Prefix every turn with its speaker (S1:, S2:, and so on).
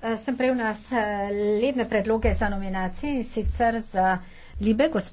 S1: Eh, sem prejel nas eh, letne predloge za nominacije in sicer za Libe gospodine.